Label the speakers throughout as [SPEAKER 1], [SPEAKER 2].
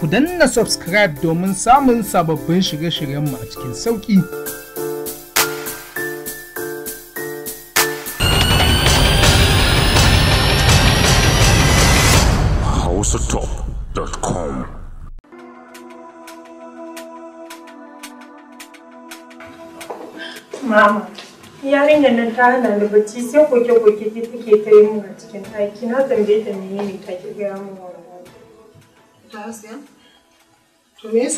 [SPEAKER 1] ku danna subscribe domin samun sababbin shirye-shiryenmu a cikin sauƙi.
[SPEAKER 2] Mama, Mama, yarinyar nan ta hana ni bacci sai koke-koke take ta yi mun a cikin ɗaki na tambaye ta menene ta gaya mun Ta hasiya? To ya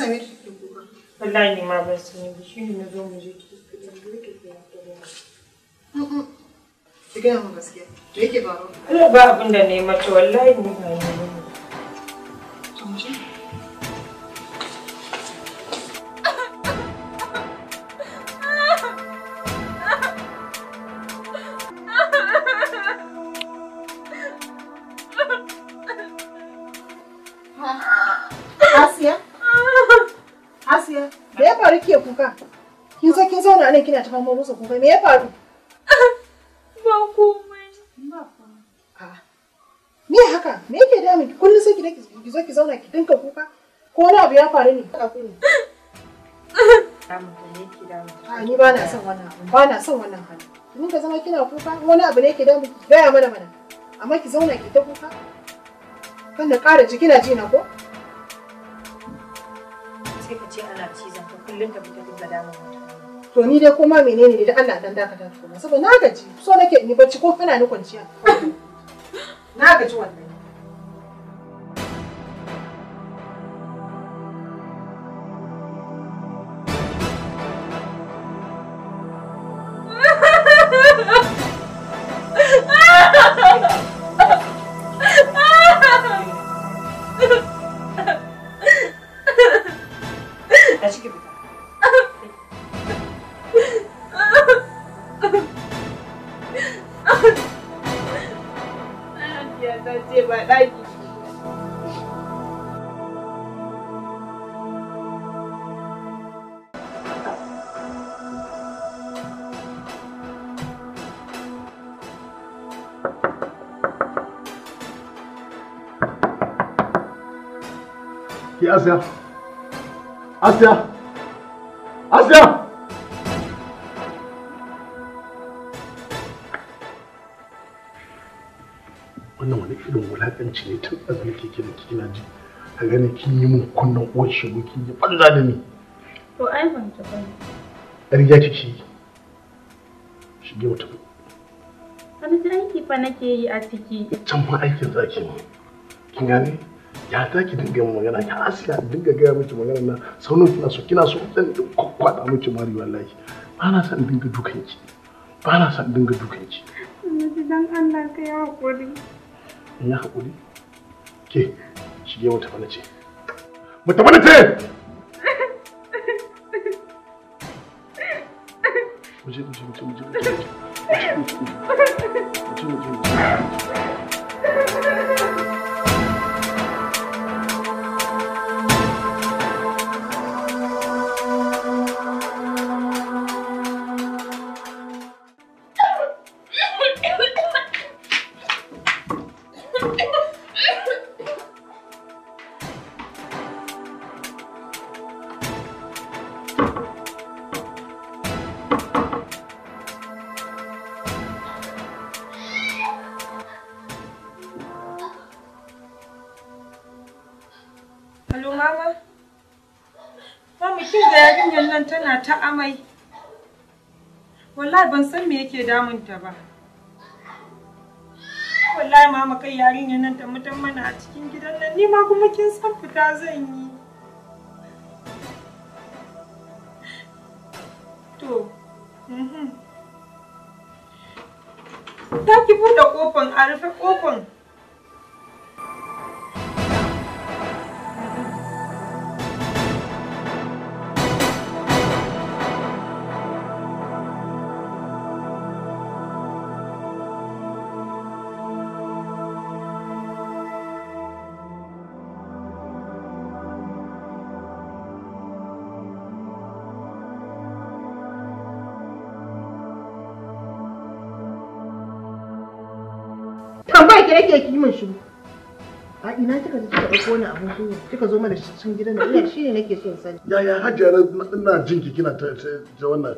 [SPEAKER 2] ni ma ban sani
[SPEAKER 3] ba shi ne na zo mu je ki fitan ki ki ki ta Ki gaya min gaskiya. Me yake faruwa?
[SPEAKER 2] Ina ba abin da na yi mata wallahi ni
[SPEAKER 3] Asiya? Asiya, me ya faru ke kuka? Kin zo kin zauna nan kina ta fama musu kuka. Me ya faru? Ba komai. Ba komai. Me haka? Me yake damun ki? Kullum sai ki zo ki zauna ki dinka kuka. Ko wani abu ya faru ne? Ka kuni. A ni ba na son wannan abu. Ba na son wannan hali. Kin ka zama kina kuka wani abu ne ke damun ki. Gaya mana mana. Amma ki zauna ki ta kuka. Kan da ƙara kina ji na ko?
[SPEAKER 2] kullum mutane.
[SPEAKER 3] To ni dai kuma menene ne da Allah dan ta tukuna saboda na gaji so nake in yi bacci ko kana ni kwanciya. Na gaji wannan.
[SPEAKER 2] Acho que
[SPEAKER 1] Asiya. Asiya. Asiya. Wannan wani irin wulaƙanci ne tun da nake kira na ji. Ka gani kin yi min kunnan uwar shigo kin yi banza da ni.
[SPEAKER 2] To ai ban ta bane.
[SPEAKER 1] Ƙarya kike yi. Shige mu tafi.
[SPEAKER 2] Wani aiki fa nake yi a ciki.
[SPEAKER 1] Can ma aikin zaki ne. Kin gane? ya ta ki dinga magana ki asiya dinga gaya miki magana na sau kina so kina so zan kwakwada miki mari wallahi ba na san dinga dukan ki ba na san dinga dukan ki
[SPEAKER 2] dan Allah ka ya hakuri
[SPEAKER 1] in hakuri ke shige mata mana ce mata mana ce muje muje muje muje muje muje muje muje muje muje
[SPEAKER 2] yarinyar nan tana ta amai wallahi ban san me yake damunta ba wallahi mama kai yarinyar nan ta mutan mana a cikin gidan nan ni ma kuma kin san fita zan yi to ta mhm. ki buɗe ƙofan a rufe ƙofan.
[SPEAKER 3] yake kimin shi a ina kika ji kika dauko wani
[SPEAKER 1] abun kunya kika zo mana cikin gidan nan ina
[SPEAKER 3] shine nake son sani
[SPEAKER 1] ya ya hajjara ina jin ki kina ta ta wannan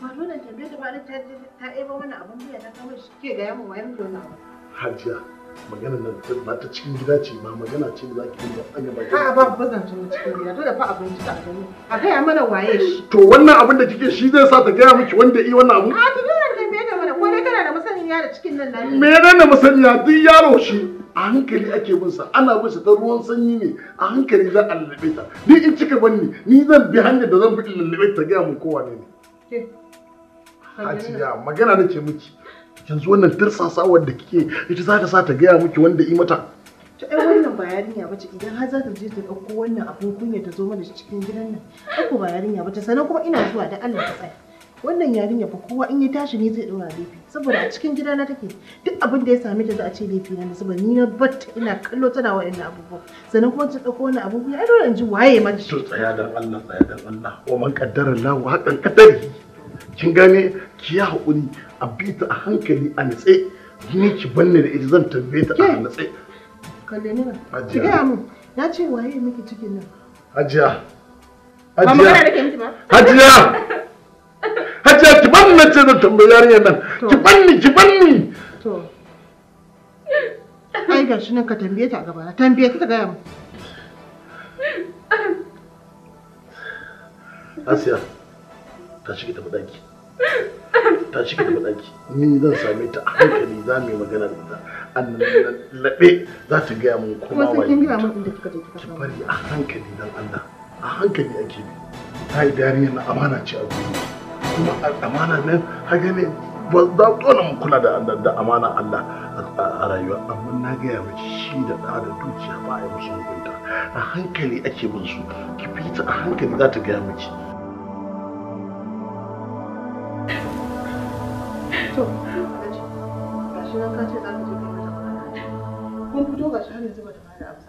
[SPEAKER 3] ba dole ta bai ta bani ta ta eba wani abun biya ta kawai shi ke ga yamu wayar da wannan
[SPEAKER 1] hajjia maganar nan ba ta cikin gida ce ba magana ce da zaki dinga tsanya ba a ba ba zan tuna cikin gida da fa abinci ta gani
[SPEAKER 3] a ya mana waye
[SPEAKER 1] shi to wannan abun da kike shi zai sa ta gaya miki wanda i wannan abun
[SPEAKER 3] a masaniya da cikin nan nayi menene
[SPEAKER 1] masaniya duk yaro shi a hankali ake bin sa ana bin sa ta ruwan sanyi ne a hankali za a lallabe ta ni in cika banni ni zan bi hanyar da zan bi lallabe ta ga mun kowa ne ne hajiya magana nake miki yanzu wannan tirsasawar da kike ita za ta sa ta gaya miki wanda yi mata
[SPEAKER 3] to ai wannan ba yarinya bace idan har za ta je ta ɗauko wannan abun kunya ta zo mana cikin gidan nan ai ko ba yarinya bace sannan kuma ina zuwa da Allah ta tsaya wannan yarinya fa kowa in ya tashi ne zai ɗora gefe saboda a cikin gidana take duk abin da ya sami da za a ce laifi na saboda ni na batta ina kallo tana ina abubuwa sannan kuma ta dauko wani abubuwa ai dole in ji waye
[SPEAKER 1] shi. to tsaya da Allah tsaya da Allah wa man qaddara Allah hakan qadari kin gane ki ya hakuri a bita a hankali a natse ni ki banne da ita zan tambaye ta a natse
[SPEAKER 3] kalle ni na ki ga mu ya ce waye miki cikin nan
[SPEAKER 1] hajiya hajiya hajiya hajiya ki ban na ce zan tambayi yarinyar nan ki ban ni ki ban ni
[SPEAKER 3] to ai ga shi nan ka tambaye ta gaba na tambaye ta gaya mu
[SPEAKER 1] Asiya ta shiga ta daki ta shiga ta daki ni zan same ta a hankali za mu yi magana da ita an laɓe za ta gaya mun kuma wani ki bari a hankali dan Allah a hankali ake bi ta yi yana na amana ce a gurin kuma amana nan haka ne ba za dole mu kula da da amana Allah a rayuwa amma na gaya miki shi da da da dukiya ba a yi musu hukunta a hankali ake bin su ki fita a hankali za ta gaya miki
[SPEAKER 3] to ka ce za ka je mata fito ga shi har yanzu ba ta abu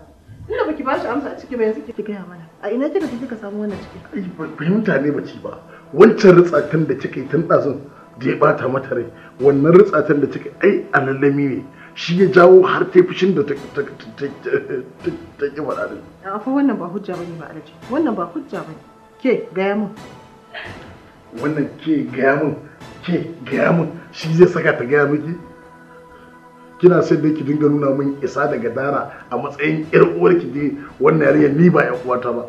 [SPEAKER 3] Inda baki ba shi amsa a ciki ba yanzu ki gaya mana. A ina kika kika samu wannan ciki?
[SPEAKER 1] Fahimta ne bace ba. Wancan ritsatan da kika yi tun ɗazun da ya bata mata rai. Wannan ritsatan da kika ai alalami ne. Shi ya jawo har ta fushin da ta ki faɗa din.
[SPEAKER 3] Akwai wannan ba hujja bane ba alaji. Wannan ba hujja bane. Ke gaya mun.
[SPEAKER 1] Wannan ke gaya mun. Ke gaya mun. Shi zai saka ta gaya miki. kina sai dai ki dinga nuna min isa daga dara a matsayin yar uwar ki dai wannan yarinyar ni ba yan uwata ba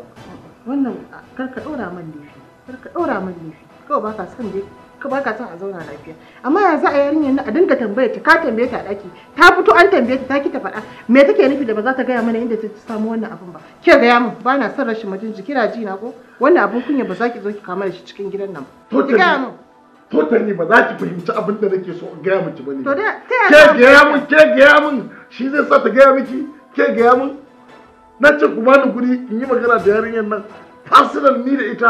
[SPEAKER 3] wannan kar ka dora man lifi kar ka dora min laifi kawai baka son dai ka baka son a zauna lafiya amma ya za a yarinyar nan a dinga tambaye ta ka tambaye ta a daki ta fito an tambaye ta ta ki ta faɗa me take nufi da ba za ta gaya mana inda ta samu wannan abin ba ke gaya min ba na son rashin mutunci kira ji na ko wannan abin kunya ba za ki zo ki kama da shi cikin gidan nan ba ki gaya min
[SPEAKER 1] totally ba za ki fahimci abin da nake so in gaya miki bane. To da
[SPEAKER 3] ke gaya mun
[SPEAKER 1] ke gaya mun shi zai sa ta gaya miki ke gaya mun. na ce ku bani guri in yi magana da yarinyar nan personal ni da ita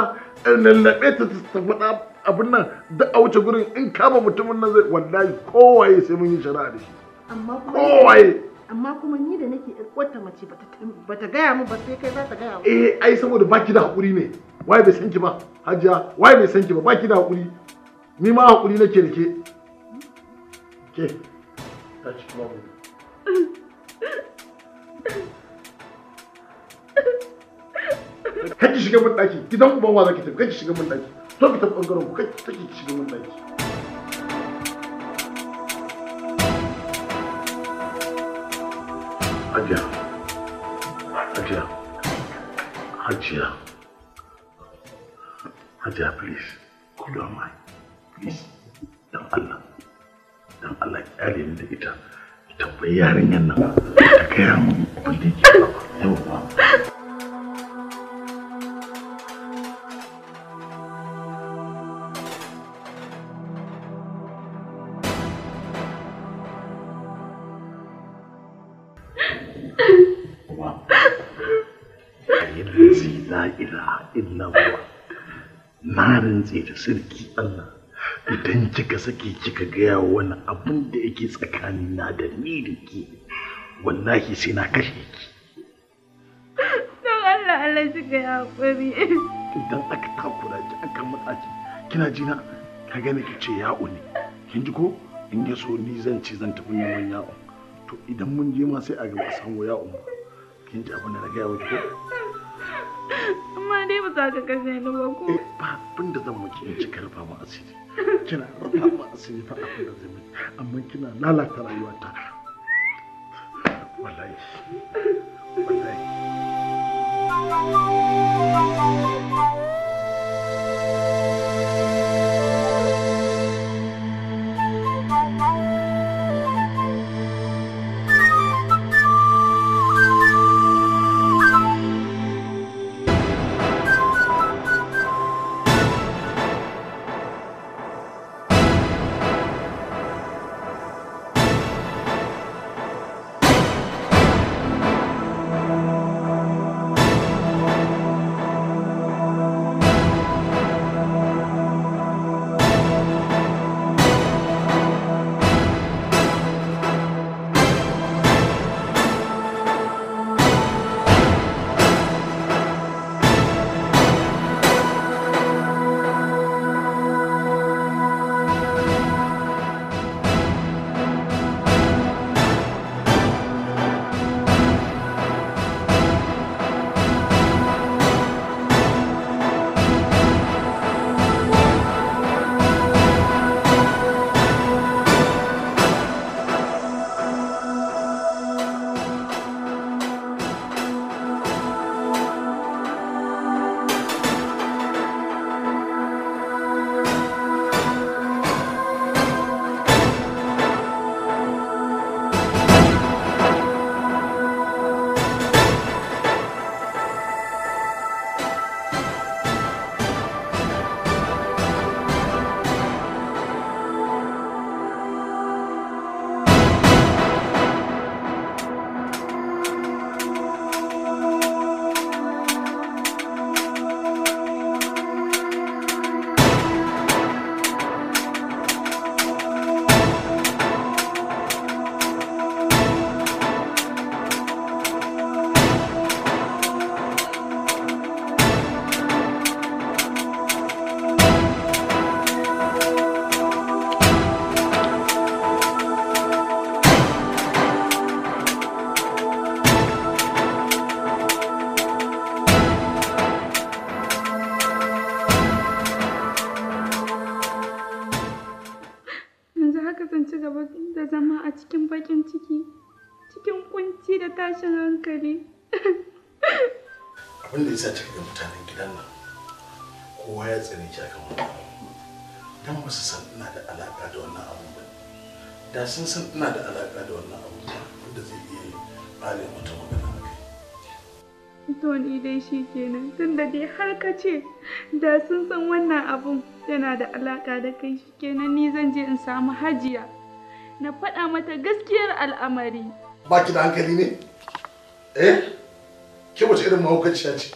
[SPEAKER 1] in lallabe ta ta faɗa abin nan da a wuce gurin in kama mutumin nan zai wallahi kowaye sai mun yi shari'a da shi.
[SPEAKER 3] Amma kowaye. Amma kuma ni da nake ƴarƙwata mace ba ta gaya mun ba sai kai za ta gaya mun.
[SPEAKER 1] Eh ai saboda baki da haƙuri ne. Waye bai san ki ba Hajiya wai bai san ki ba baki da haƙuri. ni ma hakuri nake da ke ke ta ci kuma mu kake shiga mun daki gidan uban wa zaki tafi kake shiga mun daki to ki tafi bangaren ku kake take shiga mun daki Hajiya, Hajiya, Hajiya, Hajiya, please, cool your mind. please Allah Allah kyale ni da ita nan ta ba. mun abin da yake yau Na rantse da sarki Allah cika sake kika gaya wani abin da yake tsakani na da ni da ke wallahi sai na kashe ki
[SPEAKER 2] don Allah Allah shi ga kwari. idan
[SPEAKER 1] aka takura ki aka matsa ki kina ji na ka gane ki ce ya'u ne kin ji ko in ya so ni zan ci zan tafi neman ya'u to idan mun je ma sai a ga ba samu ya'u ba kin ji abin da na gaya miki ko
[SPEAKER 2] ma dai ba za ka kashe ni ba ko. Eh,
[SPEAKER 1] ba abin da zan muke in cika rufa ma asiri. Kina rufa ma asiri fa abin da zan Amma kina lalata rayuwata. Wallahi. Wallahi. sun san ina da alaƙa da wannan abubuwa da zai iya
[SPEAKER 2] ɓare mata magana a kai. To ni dai shi kenan tun da dai har ka ce da sun san wannan abun yana da alaƙa da kai shi kenan ni zan je in samu hajiya na faɗa mata gaskiyar al'amari.
[SPEAKER 1] Ba ki da hankali ne? Eh? Ke wace irin mahaukaciya ce?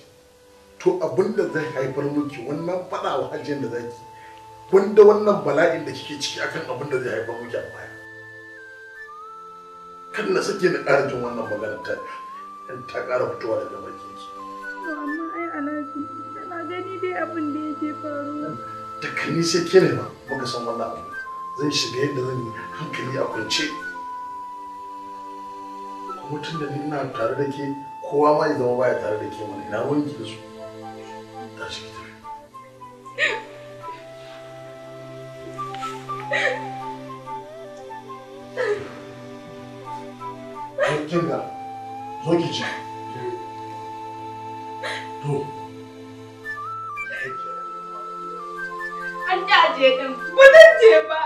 [SPEAKER 1] To abin da zai haifar miki wannan faɗa wa hajiyar da zaki. Wanda wannan bala'in da kike ciki akan abin da zai haifar miki a baya. kan na sake ni ƙara jin wannan magana ta in ta ƙara fitowa daga bakin ki
[SPEAKER 2] amma ai alaji kana gani dai abin da yake faruwa
[SPEAKER 1] kani sai ke ne ma muka san wannan abu zan shiga yadda zan yi hankali a kwance mutum da ni na tare da ke kowa ma ya zama baya tare da ke mana ina wanki da su tashi ki tafi kinga zo ki ci to
[SPEAKER 2] an daje din ba zan je ba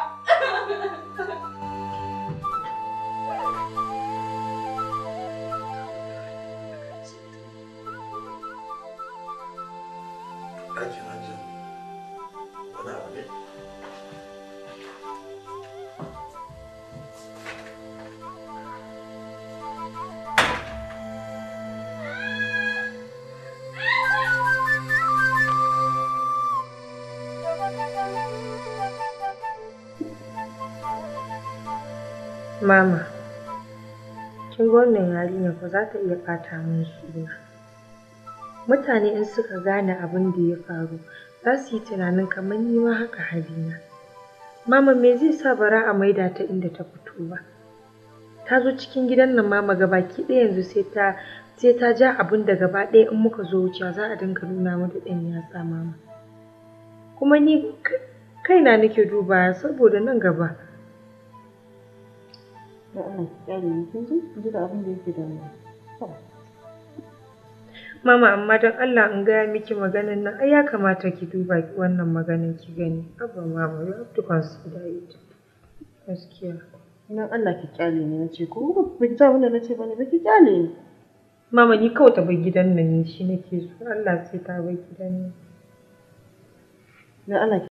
[SPEAKER 2] Mama, kin ga wannan yarinyar ba za ta iya ɓata min suna. Mutane in suka gane abin da ya faru, za su yi tunanin kamar ni ma haka halina. Mama me zai sa bara a maida ta inda ta fito ba? Ta zo cikin gidan nan mama baki ɗaya yanzu sai ta sai ta ja abin da gaba ɗaya in muka zo wucewa, za a dinga nuna mata ɗan yatsa mama. Kuma ni kaina nake dubawa saboda nan gaba. da kin ji
[SPEAKER 3] duk abin da yake da mu
[SPEAKER 2] Mama amma don Allah in gaya miki maganin nan ai ya kamata ki duba wannan maganin
[SPEAKER 3] ki gani abba mama you have to consider it gaskiya nan Allah ki kyale ni nace ko ba ta wannan nace bane ba ki kyale ni
[SPEAKER 2] Mama ni kawai ta bar
[SPEAKER 4] gidan nan ne shi nake so Allah sai ta bar gidan nan. Na Allah ki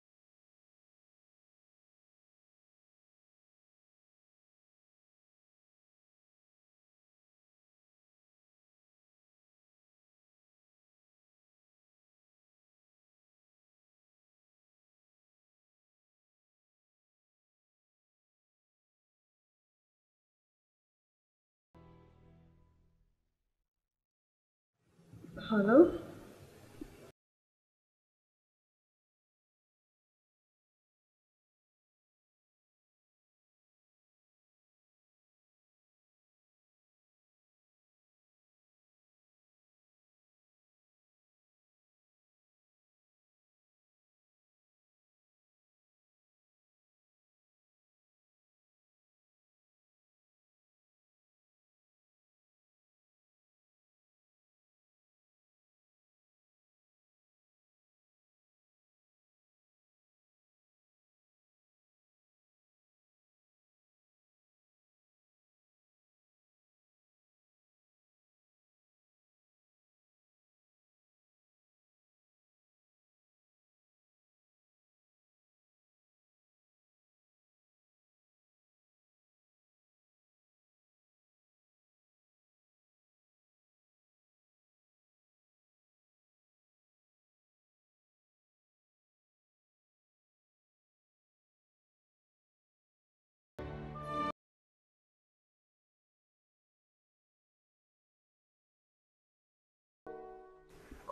[SPEAKER 4] Hello.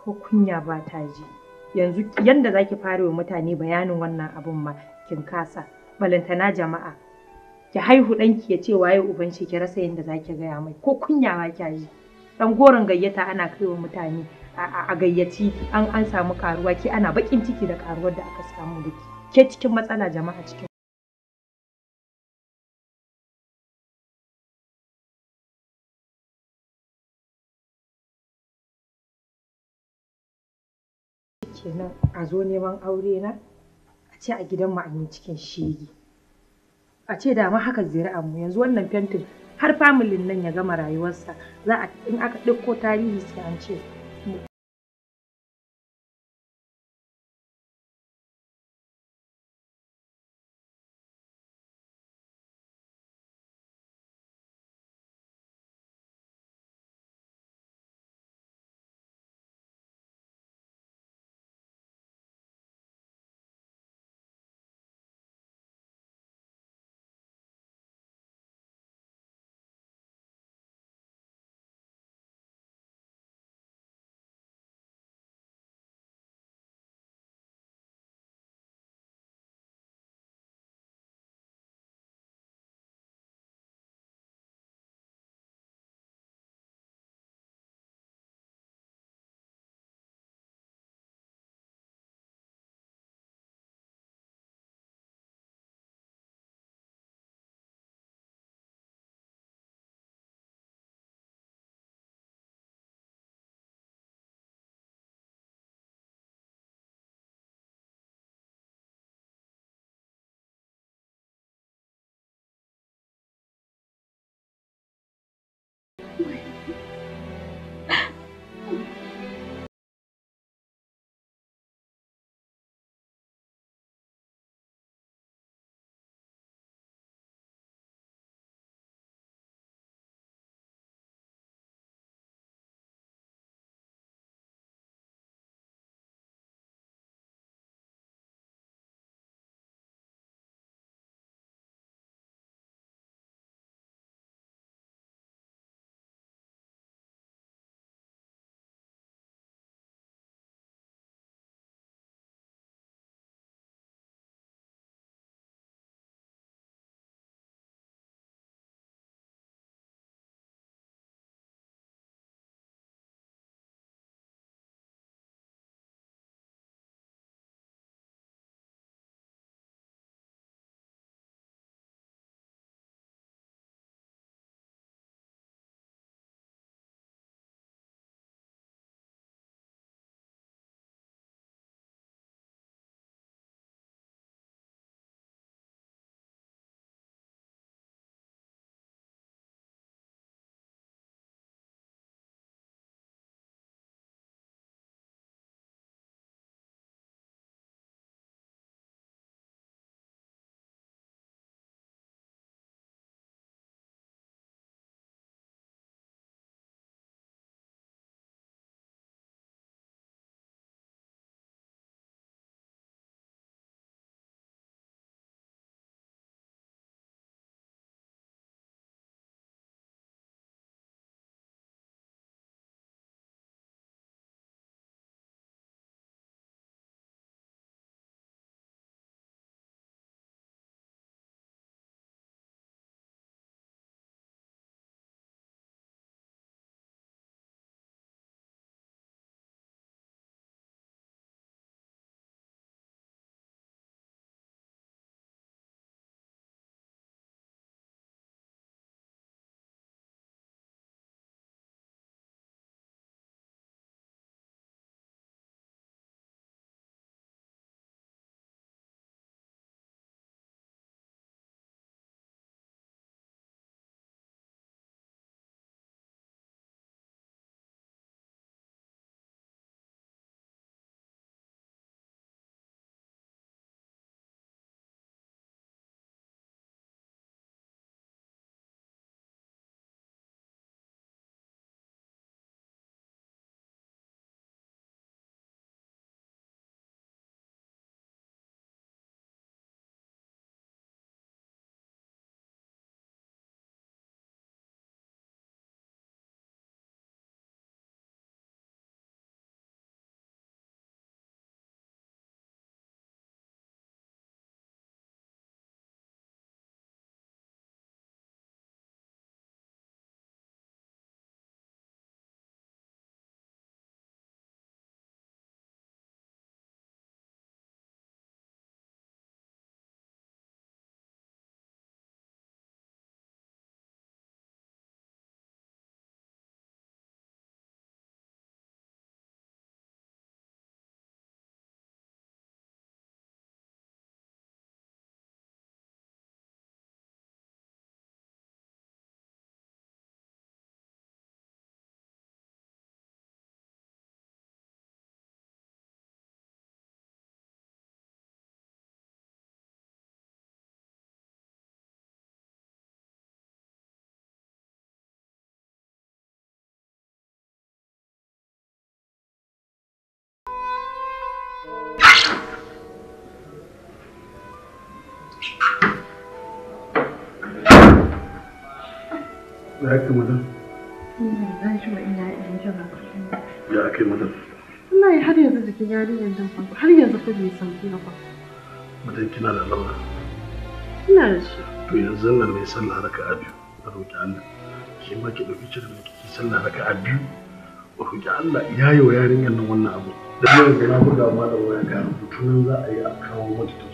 [SPEAKER 4] ko kunya ba ta ji yanzu yanda ki fara wa mutane
[SPEAKER 2] bayanin wannan abun ma kin kasa balantana jama'a ki haihu ɗanki ya ce waye uban shi ki rasa yadda ki gaya mai ko kunya ba kya ji dan goron gayyata ana kai wa mutane a gayyaci an an samu karuwa ki ana bakin ciki da karuwar da aka
[SPEAKER 4] samu da ke cikin matsala jama'a cikin kenan a zo neman aure na
[SPEAKER 2] a ce a gidan mu an yi cikin shege a ce da ma haka zuri'ar mu
[SPEAKER 4] yanzu wannan fentin har familin nan ya gama rayuwarsa za a in aka ɗauko tarihi sai an ce
[SPEAKER 1] Ya ake madam?
[SPEAKER 3] Ina shi ina yin jira Ya ake madam? Ina har yanzu jikin yarinyar nan fa har yanzu fa bai sauki ba.
[SPEAKER 1] Madam kina da lawa. Ina da shi. To yanzu nan mai sallah raka a biyu a roƙi Allah. Ke ma ki ɗauki cire da kike sallah raka a biyu. Ba roƙi Allah ya yi wa yarinyar nan wannan abu. Da yau ga na buga ma da waya ga rubutu nan za a yi a kawo mata ta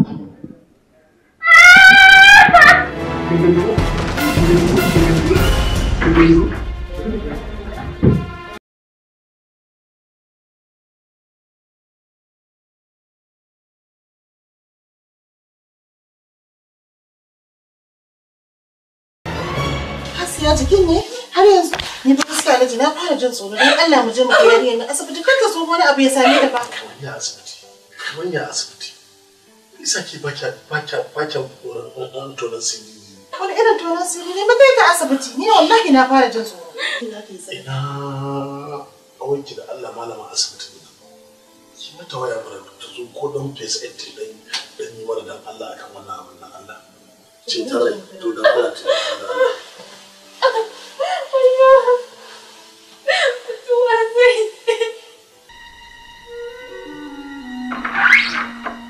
[SPEAKER 4] ya jikin ne har yanzu ni ba gaskiya alaji na fara jin tsoro don Allah mu je mu kai
[SPEAKER 1] yariyar na
[SPEAKER 3] asibiti kar ka so wani abu ya same ka ba
[SPEAKER 1] ya asibiti wani ya asibiti isa ke baki baki baki tsoron tonan sinyi
[SPEAKER 3] wani irin tonon sirri ne ka asibiti ni wallahi na fara jin tsoro
[SPEAKER 1] ina awanki da Allah malama asibiti ne ki mata waya mana ta zo ko dan face dan yi mana dan Allah akan wannan abin nan Allah ce ta to dan Allah ce
[SPEAKER 2] Thank you.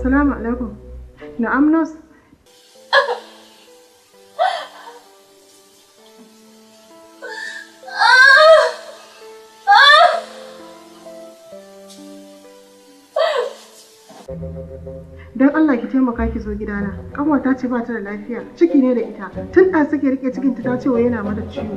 [SPEAKER 3] السلام عليكم نعم nurse. Don Allah ki taimaka ki zo
[SPEAKER 4] gidana. ta ce ba ta da lafiya, ciki ne da ita. Tun da suke rike cikin ta ta ce wa yana mata ciwo.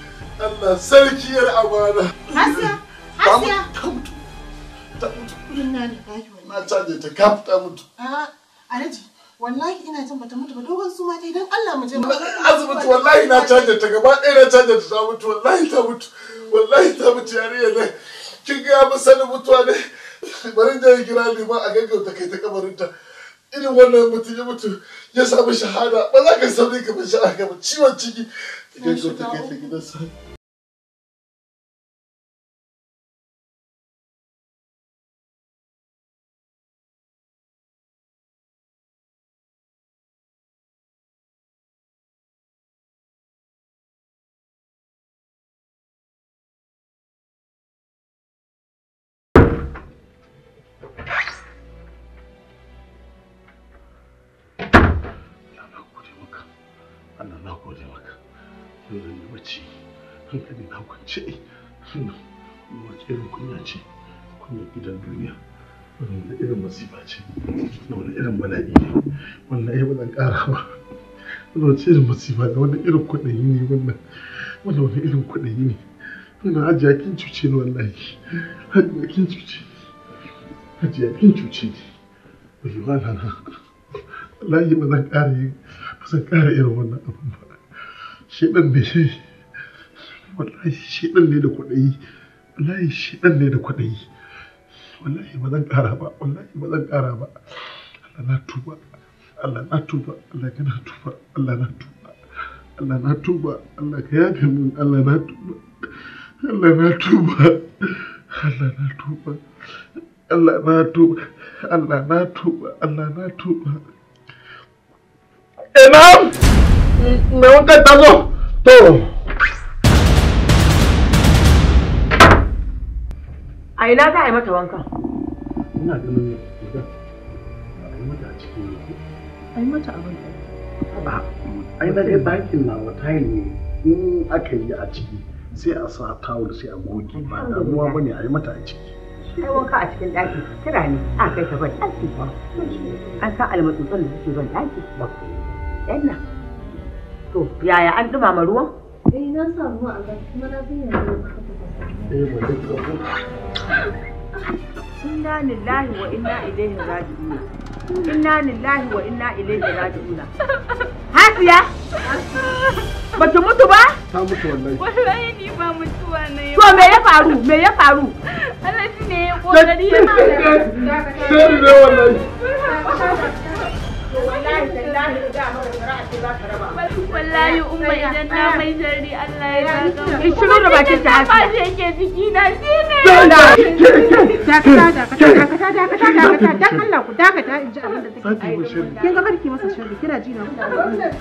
[SPEAKER 1] Allah sarkiyar amana. Hasiya, Hasiya. Ta mutu. Ta mutu.
[SPEAKER 3] Inna lillahi
[SPEAKER 1] wa Na caje ta kaf ta mutu.
[SPEAKER 3] A'a, Alhaji, wallahi ina jin bata mutu ba dogon su ma ta idan Allah mu je mu. Asibiti wallahi na
[SPEAKER 1] caje ta gaba ɗaya na caje ta mutu wallahi ta mutu. Wallahi ta mutu yariya ne. Kin ga ya sanin mutuwa ne. Bari da ya kira liman a gaggauta kai ta kabarinta. irin wannan mutum ya mutu ya samu shahada ba za ka sauri ka bi shahada ba ciwon
[SPEAKER 4] ciki. Idan ka ta kai ta gidansa.
[SPEAKER 1] zan yi bacci hankali na kwance wace irin kunya ce kunya gidan duniya wanda irin masifa ce wani irin bala'i ne wannan ai bazan ƙara ba wace irin masifa ne wani irin kuɗayi ne wannan wanda wani irin kuɗayi ne wannan hajiya kin cuce ni wallahi hajiya kin cuce ni hajiya kin cuce ni bai yi wa na na wallahi bazan ƙara yin bazan ƙara irin wannan abin ba shedan bai wallahi shedan ne da kwaɗayi wallahi shedan ne da kwaɗayi wallahi ba zan ƙara ba wallahi ba zan ƙara ba Allah na tuba Allah na tuba Allah ka na tuba Allah na tuba Allah na tuba Allah ka yafe mun Allah na tuba Allah na tuba Allah na tuba Allah na tuba Allah na tuba Allah na tuba Enough! me un cantazo todo.
[SPEAKER 2] A ina za a yi mata
[SPEAKER 1] a cikin A mata Ba, yi bakin na yi a ciki sai a sa tawul sai a goge ba damuwa ba a yi mata a ciki. Ai wanka a cikin kira ne a kai ta ban An sa almatsutsan da suke ban To
[SPEAKER 2] yaya an dumama ruwan?
[SPEAKER 3] Eh na sa ruwa a kuma na yanzu ka eh, Inna lillahi wa inna ilaihi raji'un.
[SPEAKER 2] Inna lillahi wa inna ilaihi raji'un. Hasiya?
[SPEAKER 1] Ba ki mutu ba? Ta mutu wallahi.
[SPEAKER 2] Wallahi ni ba ne. To me ya faru? Me ya faru? ne ya kokari ya
[SPEAKER 1] Sai ne wallahi.
[SPEAKER 2] wallahi umma idan na mai jari Allah ya zaga ki shiru da bakin ta haka ba zai ke jiki na shine dakata
[SPEAKER 3] dakata dakata dakata dakata dan Da ku dakata in ji abin da take kin ga barki masa sharri kina ji na ba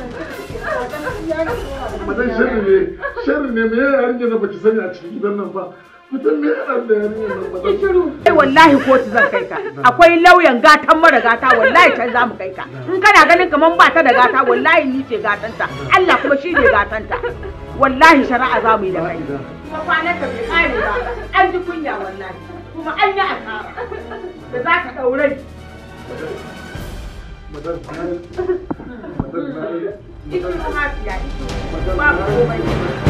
[SPEAKER 1] zan sharri ne sharri ne me ya harin da baki sani a cikin gidan nan ba Mutum wallahi kotu zan kai ka.
[SPEAKER 2] Akwai lauyan gatan mara gata wallahi can za mu kai ka. In kana ganin kaman ba ta da gata wallahi ni ce gatanta. Allah kuma shi ne gatanta. Wallahi shari'a za mu yi da kai. Kuma kwanan bai kare ba. An ji kunya wallahi. Kuma an yi asara. Da za ka ɗaurai.
[SPEAKER 1] Madar Madar Madar Madar Madar Madar Madar
[SPEAKER 4] Madar Madar Madar Madar